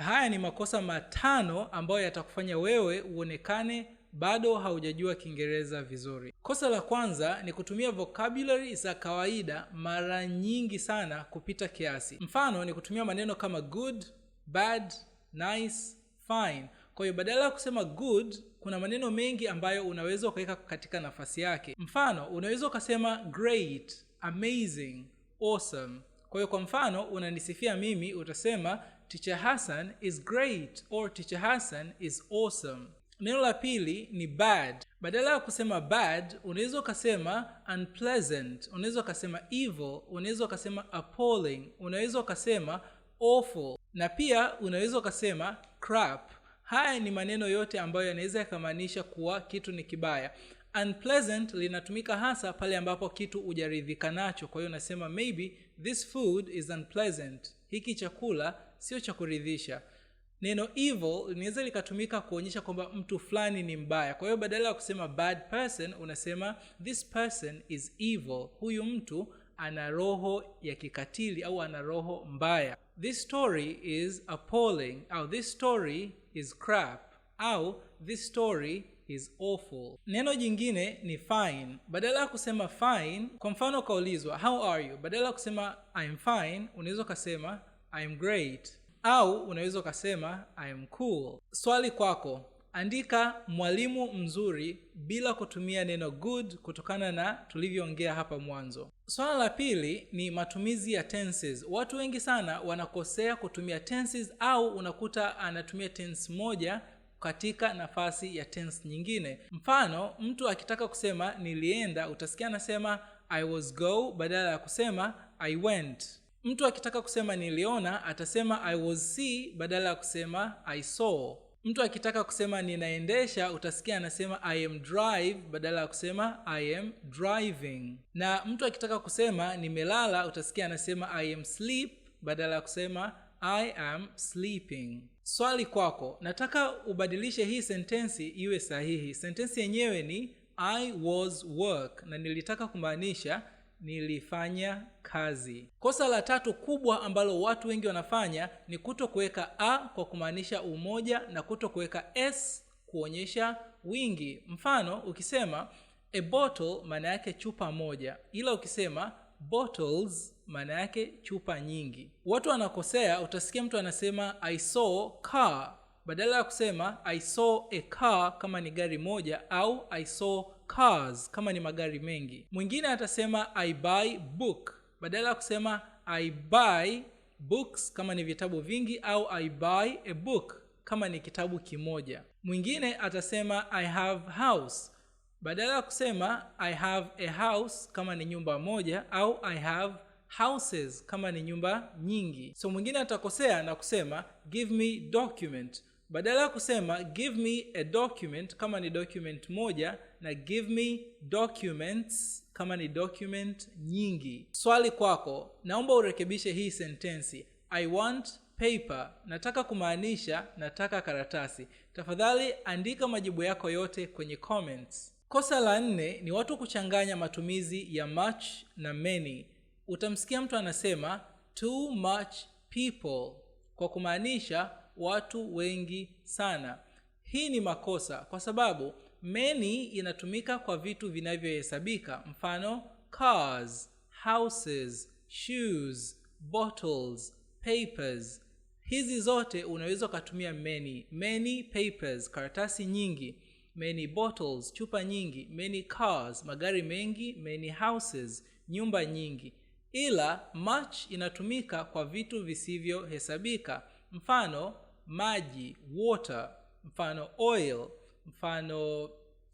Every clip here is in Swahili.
haya ni makosa matano ambayo yatakufanya wewe uonekane bado haujajua kiingereza vizuri kosa la kwanza ni kutumia vocabulary za kawaida mara nyingi sana kupita kiasi mfano ni kutumia maneno kama good bad nice fine kwa hiyo badala ya kusema good kuna maneno mengi ambayo unaweza ukaweka katika nafasi yake mfano unaweza ukasema great amazing awesome kwa hiyo kwa mfano unanisifia mimi utasema Teacher Hassan is great or Teacher Hassan is awesome. Neno la pili ni bad. Badala ya kusema bad, unaweza ukasema unpleasant, unaweza ukasema evil, unaweza ukasema appalling, unaweza ukasema awful na pia unaweza ukasema crap. Haya ni maneno yote ambayo yanaweza yakamaanisha kuwa kitu ni kibaya. Unpleasant linatumika hasa pale ambapo kitu hujaridhika nacho. Kwa hiyo unasema maybe this food is unpleasant, hiki chakula sio cha kuridhisha neno evil linaweza likatumika kuonyesha kwamba mtu fulani ni mbaya kwa hiyo badala ya kusema bad person unasema this person is evil huyu mtu ana roho ya kikatili au ana roho mbaya this story is appalling au this story is crap au this story is awful neno jingine ni fine badala ya kusema fine kwa mfano ukaulizwa how are you badala ya kusema I'm fine unaweza ukasema am great, au unaweza ukasema I am cool. Swali kwako, andika mwalimu mzuri bila kutumia neno good kutokana na tulivyoongea hapa mwanzo. Swala la pili ni matumizi ya tenses. Watu wengi sana wanakosea kutumia tenses au unakuta anatumia tense moja katika nafasi ya tense nyingine. Mfano, mtu akitaka kusema nilienda, utasikia anasema I was go badala ya kusema I went mtu akitaka kusema niliona atasema i was see badala ya kusema i saw mtu akitaka kusema ninaendesha utasikia anasema i am drive badala ya kusema i am driving na mtu akitaka kusema nimelala utasikia anasema i am sleep badala ya kusema i am sleeping swali kwako nataka ubadilishe hii sentensi iwe sahihi sentensi yenyewe ni i was work na nilitaka kumaanisha nilifanya kazi. Kosa la tatu kubwa ambalo watu wengi wanafanya ni kuto kuweka a kwa kumaanisha umoja na kuto kuweka s kuonyesha wingi. Mfano, ukisema a bottle maana yake chupa moja, ila ukisema bottles maana yake chupa nyingi. Watu wanakosea, utasikia mtu anasema I saw car badala ya kusema I saw a car kama ni gari moja, au I saw cars kama ni magari mengi mwingine atasema i buy book badala ya kusema i buy books kama ni vitabu vingi au i buy a book kama ni kitabu kimoja mwingine atasema i have house badala ya kusema i have a house kama ni nyumba moja au i have houses kama ni nyumba nyingi so mwingine atakosea na kusema give me document badala ya kusema give me a document kama ni document moja na give me documents kama ni document nyingi swali kwako naomba urekebishe hii sentensi i want paper nataka kumaanisha nataka karatasi tafadhali andika majibu yako yote kwenye comments kosa la nne ni watu kuchanganya matumizi ya much na many utamsikia mtu anasema too much people kwa kumaanisha watu wengi sana hii ni makosa kwa sababu many inatumika kwa vitu vinavyohesabika mfano cars houses shoes bottles papers hizi zote unaweza ukatumia many many papers karatasi nyingi many bottles chupa nyingi many cars magari mengi many houses nyumba nyingi ila much inatumika kwa vitu visivyohesabika mfano maji water mfano oil mfano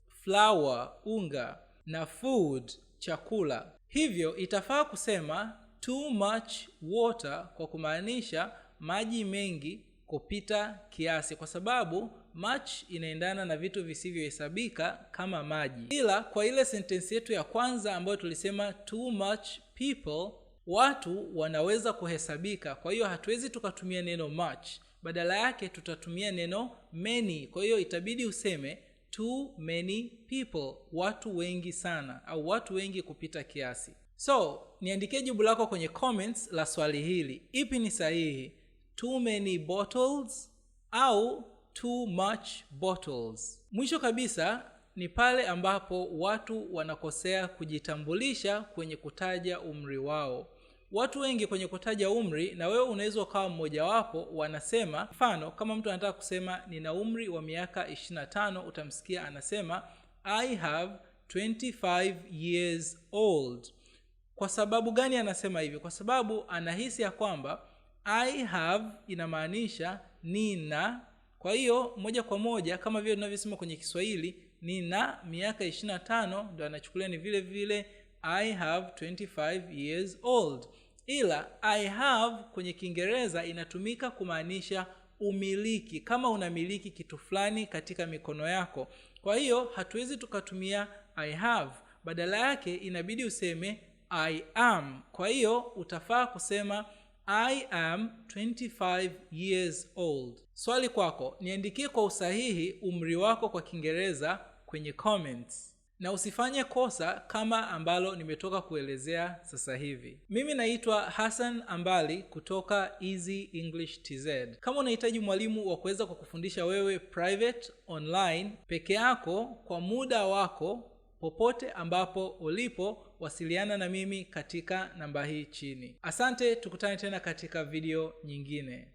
flour unga na food chakula hivyo itafaa kusema too much water kwa kumaanisha maji mengi kupita kiasi kwa sababu much inaendana na vitu visivyohesabika kama maji ila kwa ile sentensi yetu ya kwanza ambayo tulisema too much people watu wanaweza kuhesabika kwa hiyo hatuwezi tukatumia neno much badala yake tutatumia neno many kwa hiyo itabidi useme too many people watu wengi sana au watu wengi kupita kiasi so niandikie jibu lako kwenye comments la swali hili ipi ni sahihi too many bottles au too much bottles mwisho kabisa ni pale ambapo watu wanakosea kujitambulisha kwenye kutaja umri wao watu wengi kwenye kutaja umri, na wewe unaweza ukawa mmojawapo, wanasema mfano, kama mtu anataka kusema nina umri wa miaka 25, utamsikia anasema I have 25 years old. Kwa sababu gani anasema hivyo? Kwa sababu anahisi ya kwamba I have inamaanisha nina. Kwa hiyo moja kwa moja kama vile tunavyosema kwenye Kiswahili nina miaka 25, ndo anachukulia ni vile vile I have 25 years old ila I have kwenye Kiingereza inatumika kumaanisha umiliki, kama unamiliki kitu fulani katika mikono yako. Kwa hiyo hatuwezi tukatumia I have, badala yake inabidi useme I am. Kwa hiyo utafaa kusema I am 25 years old. Swali kwako, niandikie kwa usahihi umri wako kwa Kiingereza kwenye comments na usifanye kosa kama ambalo nimetoka kuelezea sasa hivi. Mimi naitwa Hassan Ambali kutoka Easy English TZ. Kama unahitaji mwalimu wa kuweza kwa kufundisha wewe private online peke yako kwa muda wako popote ambapo ulipo, wasiliana na mimi katika namba hii chini. Asante, tukutane tena katika video nyingine.